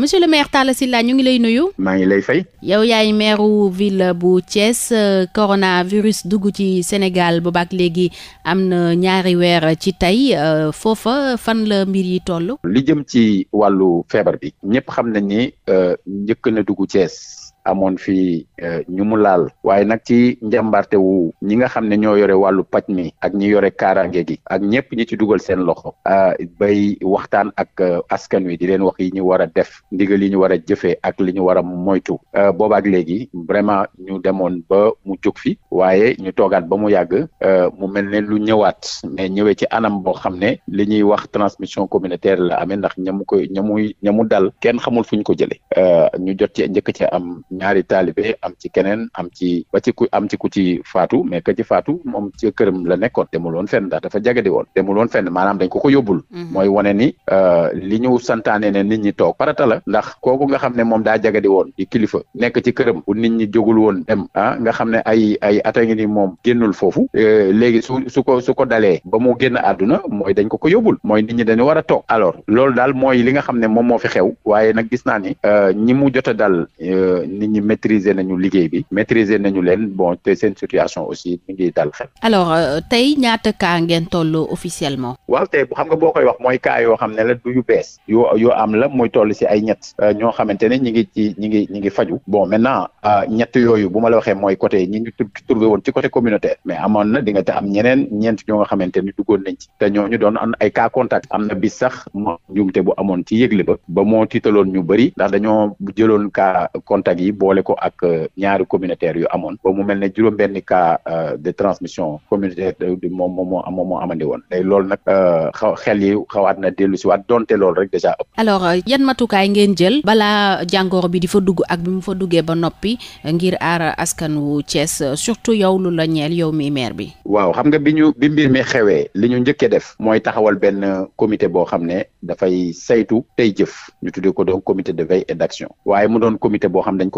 monsieur le maire Talla Sylla ñu ngi lay nuyu. maa ngi lay fay. yow yaay maireu ville bu Thiès euh, coronavirus dugg ci Sénégal boobaak léegi am na ñaari weer ci tey euh, foofa fan la mbir yi toll. lu jëm ci wàllu feebar bi. ñëpp xam nañ ni euh, njëkk na dugg Thiès. amoon fii euh, ñu mu laal waaye nag ci njàmbarte wu ñi nga xam ne ñoo yore wàllu paj mi ak ñi yore kaaraange gi ak ñëpp ñi ci dugal seen loxo euh, bay waxtaan ak euh, askan wi di leen wax yi ñu war a def ndigal yi ñu war a jëfee ak li ñu war a moytu boobaak léegi vraiment ñu demoon ba mu jóg fi waaye ñu toogaat ba mu yàgg mu mel ne lu ñëwaat mais ñëwee ci anam boo xam ne li ñuy wax transmission communautaire la amee ndax ñamu koy ñamuy ñamu dal ken xamul fu ñu ko jëlee ñu jot ci njëkk ci ñaari taalibe am ci keneen am ci ba ci ku am ci ku ci faatu mais ci faatu moom ci këram la nekkoon demul woon fenn ndax dafa jagadi woon demul woon fenn maanaam dañ ko ko mhm. mooy wane ni euh, li ñu santaane ne ñi toog farata la ndax kooku nga xam ne moom daa jagadi woon di kilifa nekk ci këram bu nit ñi jógul woon dem ah ne ay ay ata ngi ni moom génnul foofu euh, léegi su su ko su ko dalee ba mu génn aduna mooy dañ ko ko yóbbul mooy nit ñi dañu war a toog alors loolu daal mooy li nga xam ne moom moo fi xew waaye nag gis naa ni euh, ñi a nit ñi maîtriser nañu liggéey bi maîtriser nañu leen bon te seen situation aussi mu ngi dal xel. alors euh, tey ñaata cas ngeen toll officiellement. waaw tey xam nga boo koy wax mooy ka yoo xam ne la yu bees. yoo yoo am la muy toll si ay ñett. Euh, ñoo xamante ne ñi ngi ci ñi ngi ñi ngi faju bon maintenant euh, ñett yooyu bu ma la waxee mooy côté ñu trouvé woon ci côté communautaire. mais amoon na di nga te am ñeneen ñeent ñoo nga xamante ne duggoon nañ ci. te ñooñu doon am ay ka contact. am na bis sax mo njuumte bu amoon ci yëgle ba. ba moo tiitaloon ñu bëri ndax dañoo jëloon cas contact yi yi boole ko ak euh, ñaari communautaire yu amoon ba mu mel ne juróom-benni cas euh, de transmission communautaire moom moom moo moom moo amandi woon lool loolu nag euh, xaw xel yi xawaat na dellu si waat donte loolu rek déjà ëpp. alors yan matukaay ngeen jël balaa jàngoor bi di fa dugg ak bi mu fa duggee ba noppi ngir aar askan wu Thiès surtout yow lu la ñeel yow mi maire bi. waaw xam nga bi ñu bi mbir mi xewee li ñu njëkkee def mooy taxawal benn comité boo xam ne dafay saytu tey jëf ñu ko donc de veille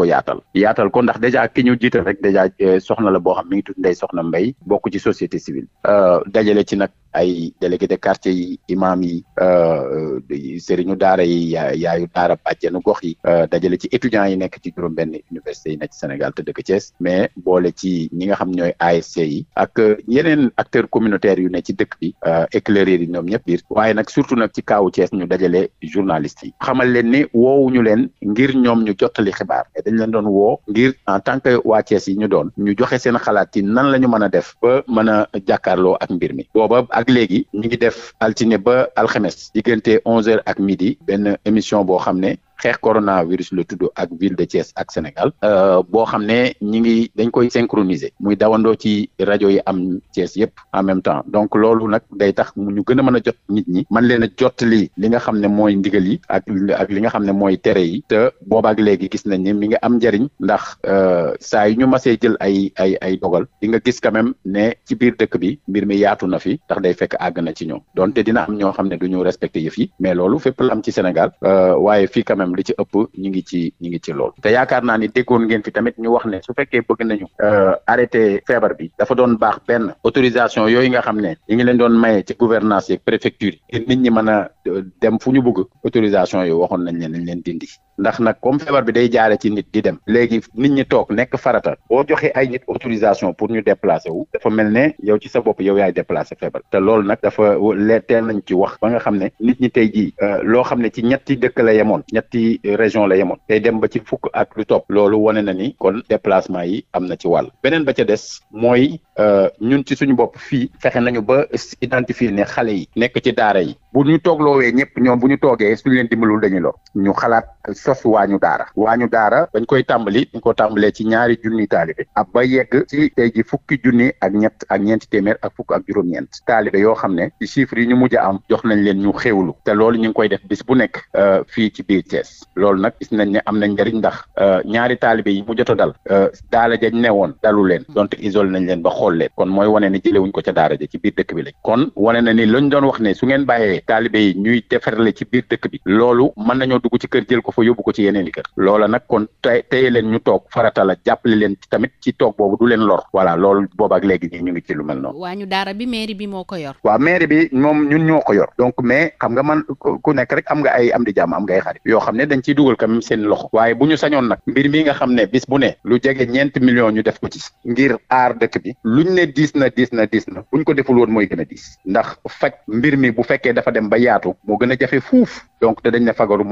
ko yaatal yaatal ko ndax dèjà ki ñu jiital rek dèjà eh, soxna la boo xam mi ngi tudd Ndeye Soxna Mbaye bokk ci société civile euh, dajale ci nag ay délégué de quartier yi imaam yi euh, euh, sëriñu daara yi yaayu daara nu gox yi euh, dajale ci étudiants yi nekk ci juróom-benn université yi nekk ci Sénégal te dëkk Thiès mais boole ci ñi nga xam ñooy ASC yi ak yeneen acteurs communautaires yu ne ci dëkk bi éclaireurs yi ñoom ñëpp waaye nag surtout nag ci kaawu Thiès ñu dajale journalistes yi xamal leen ni woowuñu leen ngir ñoom ñu jottali xibaar mais dañ leen doon woo ngir en tant que waa Thiès yi ñu doon ñu joxe seen xalaat ci nan la ñu mën a def ba mën a jàkkaarloo ak mbir mi ak léegi ñu ngi def altine ba alxemes diggante onze heures ak midi benn émission boo xam ne xeex coronavirus la tudd ak ville de Thiès ak Sénégal euh, boo xam ne ñi ngi dañ koy synchroniser muy dawandoo ci rajo yi am Thiès yëpp en même temps donc loolu nag day tax ñu gën a mën a jot nit ñi man leen a jottali li nga xam ne mooy ndigal yi ak ak li nga xam ne mooy tere yi te boobaak léegi gis nañ ni mi ngi am njariñ ndax euh, saa yu ñu masee jël ay ay ay dogal di nga gis quand même ne ci biir dëkk bi mbir mi yaatu na fi ndax day fekk àgg na ci ñoom donte dina am ñoo xam ne du ñu respecté yëf mais loolu fépp ci Sénégal euh, maanaam li ci ëpp ñu ngi ci ñu ngi ci lool te yaakaar naa ni déggoon ngeen fi tamit ñu wax ne su fekkee bëgg nañu euh, arrêté feebar bi dafa doon baax benn autorisation yooyu nga xam ne ñu ngi leen doon maye ci gouvernance yeeg préfecture yi nit ñi mën a euh, dem fu ñu bëgg autorisation yi waxoon nañ leen nañ leen dindi ndax nag comme feebar bi day jaare ci nit di dem léegi nit ñi toog nekk farata boo joxe ay nit autorisation pour ñu déplacer wu dafa mel ne yow ci sa bopp yow yaay déplacer feebar te loolu nag dafa leeteel nañu ci wax ba nga xam ne nit ñi tey jii euh, loo xam ne ci ñetti dëkk la yemoon ñetti région la yemoon tey dem ba ci fukk ak lu topp loolu wane na ni kon déplacement yi am na ci wàll beneen ba ca des mooy euh, ñun ci suñu bopp fii fexe nañu ba identifier ne xale yi nekk ci daara yi bu ñu toogloowee ñëpp ñoom bu ñu toogee suñu leen dimbalul dañuy lor ñu sos waañu daara waañu daara bañ koy tàmbali dañ ko tàmbalee ci ñaari junni taalibe ab ba yegg ci tey ji fukki junni ak ñett ak ñeenti ak fukk ak juróom-ñeent taalibe yoo xam ne ci chiffres yi ñu mujj am jox nañ leen ñu xéewlu te loolu ñu ngi koy def bis bu nekk euh, fii biir Thiès loolu nag gis nañ ne am nañ njëriñ ndax euh, ñaari taalibe yi mu jot a dal euh, daara jañ ne woon dalu leen donte isolé nañ leen ba xool leen kon mooy wane ne jëlewuñ ko ca daara ja ci biir dëkk bi lañ kon wane na su ngeen bàyyee taalibe yi ñuy defarle ci dëkk bi loolu mën nañoo dugg ci kër jël ko fa yóbbu ko ci yeneen i kër loola nag kon tey teye leen ñu toog farata la jàppale leen tamit ci toog boobu du leen lor voilà loolu boobaak léegi nii ñu ngi ci lu mel noonu. bi mairie bi moo ko yor. waaw mairie bi moom ñun ñoo ko yor donc mais xam nga man ku nekk rek am nga ay am di jàmm am nga ay xarit yoo xam ne dañ ciy dugal quand seen loxo waaye bu ñu sañoon nag mbir mi nga xam ne bis bu ne lu jege ñeenti millions ñu def ko ci ngir aar dëkk bi luñ ne diis na diis na diis na buñ ko deful woon mooy gën a diis ndax mi bu fekkee dafa dem ba yaatu moo gën a jafe fuuf donc te dañ ne fagaru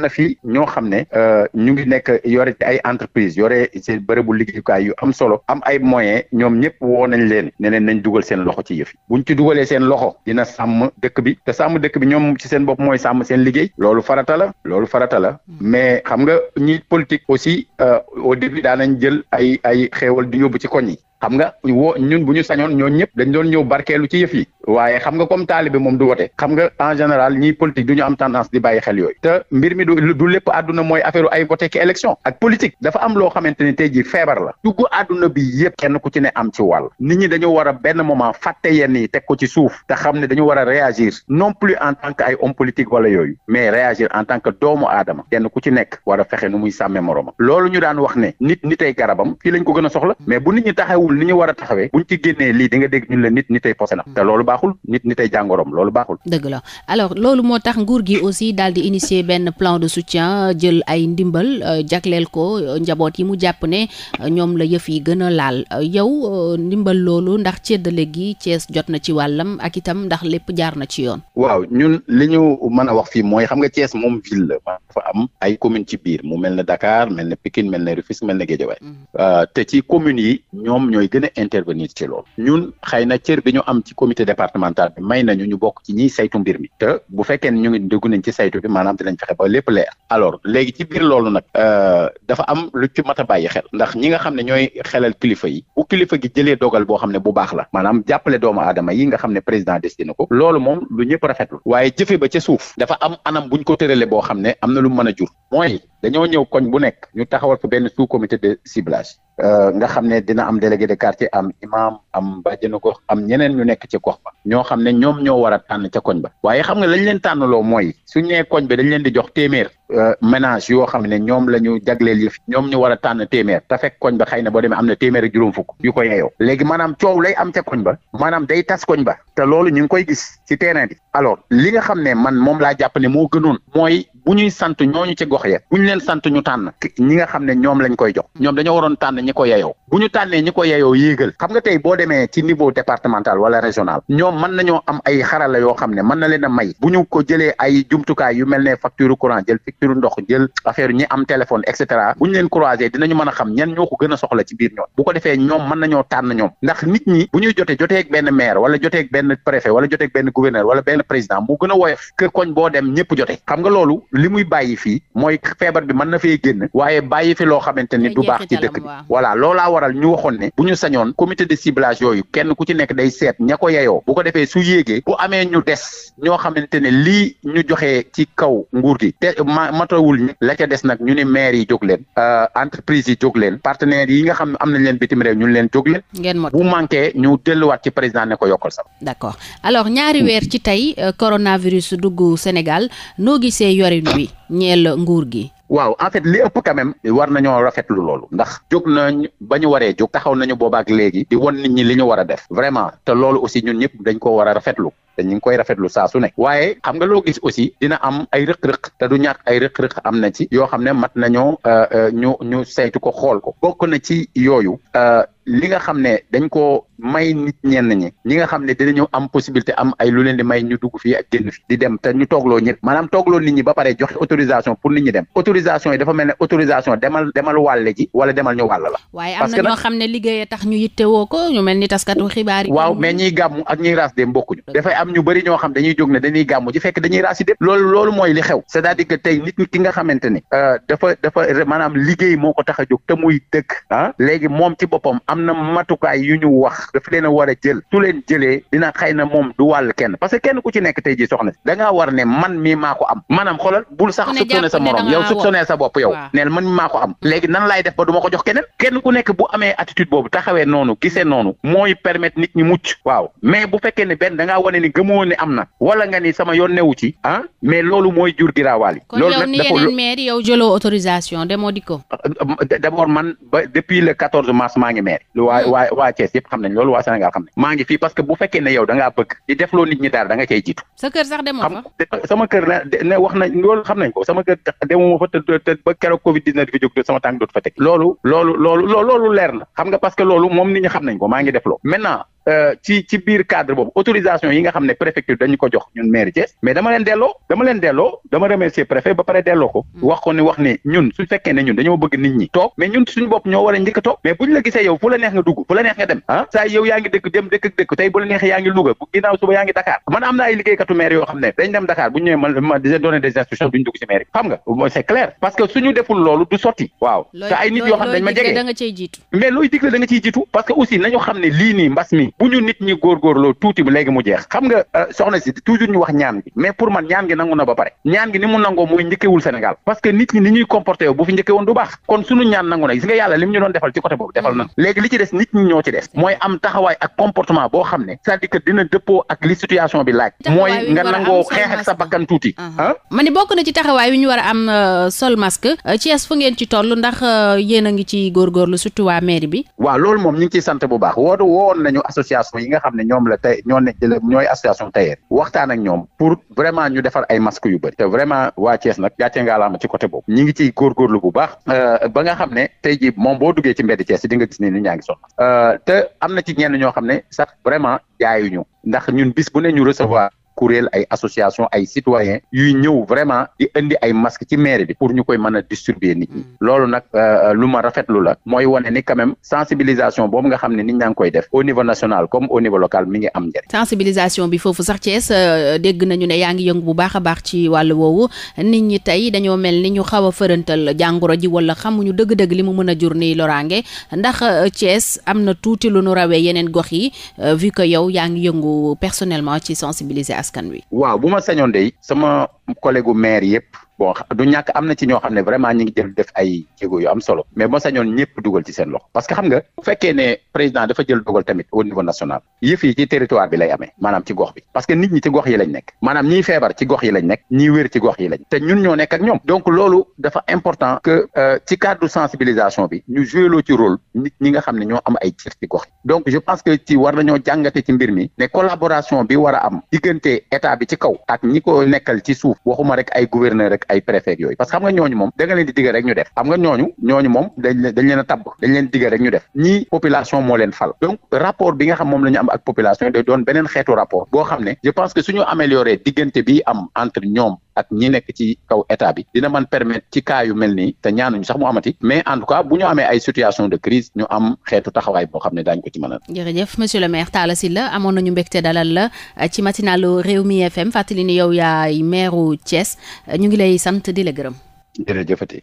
am na fi ñoo xam ne euh, ñu ngi nekk yore ay entreprise yore seen bërëbu liggéeyukaay yu am solo am ay moyens ñoom ñëpp woo nañ leen ne leen nañ dugal seen loxo ci yëf yi buñ ci dugalee seen loxo dina sàmm dëkk bi te sàmm dëkk bi ñoom ci seen bopp mooy sàmm seen liggéey loolu farata la loolu farata la mais xam nga ñi politique aussi euh, au début daanañ jël ay ay xéewal di yóbbu ci koñ yi xam nga woo ñun bu ñu sañoon ñoo ñëpp dañ doon ñëw barkeelu ci yëf yi waaye xam nga comme taalibe moom du wote xam nga en général ñiy politique du ñu am tendance di bàyyi xel yooyu te mbir mi du du lépp àdduna mooy affaire ay voté ki élection ak politique dafa am loo xamante ni te ji feebar la dugg àdduna bi yëpp kenn ku ci ne am ci wàll nit ñi dañu war a benn moment fàtte yenn yi te ko ci suuf te xam ne dañu war a réagir non plus en tant que ay homme politique wala yooyu mais réagir en tant que doomu aadama kenn ku ci nekk war a fexe nu muy sàmmee moromam ñu daan wax ne nit nitay garabam fii lañ ko gën a soxla taxawul ni ñu war a taxawee buñ ci génnee lii di nga dégg ñun la nit nitay posenam te loolu baaxul nit nitay jàngoroom loolu baaxul. dëgg la alors loolu moo tax nguur gi aussi daal di initier benn plan de soutien jël ay ndimbal euh, jagleel ko euh, njaboot yi mu jàpp ne euh, ñoom la yëf yi gën a laal yow ndimbal loolu ndax ceddale gi cees jot na ci wàllam ak itam ndax lépp jaar na ci yoon. waaw ñun li ñu mën a wax fii mooy xam nga Thiès moom ville la dafa am ay commune ci biir mu mel ne Dakar mel ne Pikine mel ne Rufisque mel ne Guédiawaye mm-hmm. ñooy gën a intervenir ci loolu ñun xëy na cër ñu am ci comité départemental bi may nañu ñu bokk ci ñiy saytu mbir mi te bu fekkee ne ñu ngi dégg nañ ci saytu bi maanaam dinañ fexe ba lépp leer alors léegi ci biir loolu nag euh, dafa am lu ci mat bàyyi xel ndax ñi nga xam ne ñooy xelal kilifa yi bu kilifa gi jëlee dogal boo xam ne bu baax la maanaam jàppale doomu aadama yi nga xam ne président destiné ko loolu moom lu ñëpp rafetlu waaye jëfe ba ca suuf dafa am anam buñ ko tërale boo xam ne am na lu mën a jur mooy dañoo ñëw koñ bu nekk ñu taxawal fa benn sous comité de siblage Euh, nga xam ne dina am délégué de quartier am imam am bàjjenu gox am ñeneen ñu nekk ci gox ba ñoo xam ne ñoom ñoo war a tànn ca koñ ba waaye xam euh, ne ñoom la ñu jagleel yëf ñoom ñu war a tànn téeméer te fekk koñ ba xëy na boo demee am na téeméer ak juróom fukk yu ko yeeyoo léegi maanaam coow lay am ca koñ ba maanaam day tas koñ ba te loolu ñu koy gis ci terrain bi alors xam ne man moom laa jàpp ne moo gënoon mooy bu ñuy sant ñooñu ci gox ya bu ñu leen sant ñu tànn ñi nga xam ne ñoom lañ koy jox ñoom dañoo waroon tànn ñi ko yeyoo bu ñu tànnee ñi ko yeyoo yéegal xam nga tey boo demee ci niveau départemental wala régional ñoom mën ñoo am ay xarala yoo xam ne mën na leen a may bu ñu ko jëlee ay jumtukaay yu mel ne facture courant jël facture ndox jël affaire ñi am téléphone et cetera bu ñu leen croisé dinañu mën a xam ñen ñoo ko gën soxla ci biir ñoom ko defee mën nañoo tànn ñoom nit ñi bu ñuy jotee joteeg benn maire wala joteeg benn préfet wala joteeg benn gouverneur wala benn président mu gën a woyof kër koñ boo dem ñëpp jote xam nga loolu li muy bàyyi fii mooy feebar bi mën na fee génn waaye bàyyi fi loo xamante ni du baax ci dëkk bi voilà loolaa waral ñu waxoon ne bu ñu sañoon comité de ciblage yooyu kenn ku ci nekk day seet ña ko yeyoo bu ko defee su yéegee bu amee ñu des ñoo xamante ne lii ñu joxee ci kaw nguur gi te ma matawul ñi la ca des nag ñu ne maire yi jóg leen euh, entreprise yi jóg leen partenaires yi nga xam am nañ leen bitim réew ñu leen jóg leen bu manqué ñu delluwaat ci président ne ko yokkal sax d'accord alors ñaari weer ci tey euh, coronavirus dugg Sénégal noo gisee yori doxalin bi ñeel nguur gi. waaw en li ëpp quand même war nañoo rafetlu loolu ndax jóg nañ ba ñu waree jóg taxaw nañu boobaak léegi di won nit ñi li ñu war a def vraiment te loolu aussi ñun ñëpp dañ ko war a rafetlu te ñu ngi koy rafetlu saa su nekk waaye xam nga loo gis aussi dina am ay rëq-rëq te du ñàkk ay rëq-rëq am na ci yoo xam ne mat nañoo euh, euh, ñu ñu saytu ko xool ko bokk na ci yooyu euh, li nga xam ne dañ koo may nit ñenn ñi ñi nga xam ne dinañu am possibilité am ay lu leen di may ñu dugg fii a génn di dem te ñu toogloo ñëpp maanaam toogloo nit ñi ba pare joxe autorisation pour nit ñi dem autorisation yi dafa mel ne autorisation demal demal wàlle ji wala demal ñu wàll la. waaye am na ñoo xam ne liggéeyee tax ñu yittewoo ko ñu mel ni taskatu xibaar yi. waaw mais ñiy gàmm ak ñiy raas dem bokkuñu. dafay am ñu bëri ñoo xam dañuy jog ne dañu gàmm ji fekk dañuy raas yi dem. loolu loolu mooy li xew c'est-à-dire que tey nit ñi ki nga xamante euh, liggéey moo ko tax a jóg te muy dëkk ah léegi moom ci boppam am am na matukaay yu ñu wax daf leen a jël su leen jëlee dina xëy moom du wàll kenn parce que kenn ku ci nekk tey ji soxna da ngaa war ne man mii maa am maanaam xoolal bul sax soupçonné sa morom yow soupçonné sa bopp yow neel man mii maa am léegi nan laay def ba du ko jox keneen kenn ku nekk bu amee attitude boobu taxawee noonu gisee noonu mooy permettre nit ñi mucc waaw mais bu fekkee ne benn da ngaa wane ni gëmoo ne am na wala nga ni sama yoon lu waa hmm. waa waa Thiès yëpp xam nañ loolu waa Sénégal xam nañ maa ngi fii parce que bu fekkee ne yow da ngaa def loo nit ñi daal da nga cay sax demoo fa sama kër ne ne wax nañ loolu xam nañ ko sama kër demuma fa te te ba keroog covid 19 fi jóg do sama tànk dootu fa teg loolu loolu loolu loolu leer na xam nga parce que loolu moom nit ñi xam nañ ko maa ngi def loo maintenant Euh, ci ci biir cadre boobu autorisation yi nga xam ne préfecture dañu ko jox ñun mairie Thiès mais dama leen delloo dama leen delloo dama remercier préfet ba pare delloo ko hmm. wax ko ni wax ne ñun suñ fekkee ne ñun dañoo bëgg nit ñi toog mais ñun suñu bopp ñoo war njëkk toog mais buñ la gisee yow fu la neex nga dugg fu la neex nga dem ah saa yow yaa ngi dëkk dem dëkk dëkk tey bu la neexee yaa ngi Louga bu ginnaaw suba yaa ngi Dakar man am na ay liggéeykatu bu ñu nit ñi góorgóorloo tuuti bi léegi mu jeex xam nga euh, soxna si toujours ñu wax ñaan gi mais pour man ñaan gi nangu na ba pare ñaan gi ni mu nangoo mooy njëkkewul Sénégal parce que nit ñi nit ñi ñoo ci des mooy am taxawaay ak comportement boo xam ne cest dire que dina dëppoo ak li situation bi laaj mooy nga nangoo xeex sa bakkan tuuti ah bokk na ci taxawaay yu ñu war a am euh, sol masque euh, Thiès fu ngeen ci toll ndax yéen a ngi ci góorgóorlu surtout waa association yi nga xam ne ñoom la tey ñoo nekk ñooy association tailleur waxtaan ak ñoom pour vraiment ñu defar ay masques yu bëri te vraiment waa Thiès nag gàcce ngaalaama ci côté boobu ñi ngi ciy góorgóorlu bu baax euh, ba nga xam ne tey jii moom duggee ci mbedd Thiès di nga gis ni nit euh, te am ci ñenn ñoo xam ne sax vraiment jaayuñu ndax ñun bis bu ne ñu recevoir kuréel ay association ay citoyens yuy ñëw vraiment di indi ay masques ci mairie bi pour ñu koy mën a distribuer nit ñi mm. loolu nag euh, lu ma rafetlu la mooy wane ni quand sensibilisation boobu nga xam ne nit ñaa koy def au niveau national comme au niveau local mi ngi am njëriñ. sensibilisation bi foofu sax Thiès euh, dégg nañu ne yaa ngi yëngu bu baax a baax ci wàll woowu nit ñi tey dañoo mel ni ñu xaw a fërantal jàngoro ji wala xamuñu dëgg-dëgg li mu mën a jur nii loraange ndax euh, Thiès am na tuuti lu nu rawee yeneen gox yi vu que yow yaa ngi askan wi. waaw bu ma sañoon de sama collègue maire yëpp bon du ñàkk am na ci ñoo xam ne vraiment ñi ngi jël def ay jéego yu am solo mais moo sañoon ñëpp dugal ci seen loxo parce que xam nga bu fekkee ne président dafa jël dogal tamit o niveau national yëf yi ci territoire bi lay amee maanaam ci gox bi parce que nit ñi ci gox yi lañ nekk maanaam ñiy feebar ci gox yi lañ nekk ñiy wér ci gox yi lañ te ñun ñoo nekk ak ñoom donc loolu dafa important que euh, ci cadre sensibilisation bi ñu joué loo ci rôle nit ñi nga xam ne ñoo am ay cër ci gox que ci war nañoo jàngate ci mbir mi ne bi am diggante état bi ci kaw ak ñi ko nekkal ci suuf waxuma rek ay gouverneur rek ay préfet yooyu parce que xam nga ñooñu moom da nga leen di digal rek ñu def xam nga ñooñu ñooñu moom dañ dañ leen a tabb dañ leen digal rek ñu def ñii population moo leen fal donc rapport bi nga xam moom la am ak population day doon beneen xeetu rapport boo xam ne je pense que suñu amélioré diggante bi am entre ñoom ak ñi nekk ci kaw état bi dina mën permettre ci cas yu mel nii te ñaanuñu sax mu amati mais en tout cas bu ñu amee ay situation de crise ñu am xeetu taxawaay boo xam ne daañu ko ci mën a. jërëjëf monsieur le maire Talla Sylla amoon nañu mbégte dalal la euh, ci matinalu Rewmi FM fàttali yow yaay maireu Thiès euh, ñu ngi lay sant di la gërëm. jërëjëfati.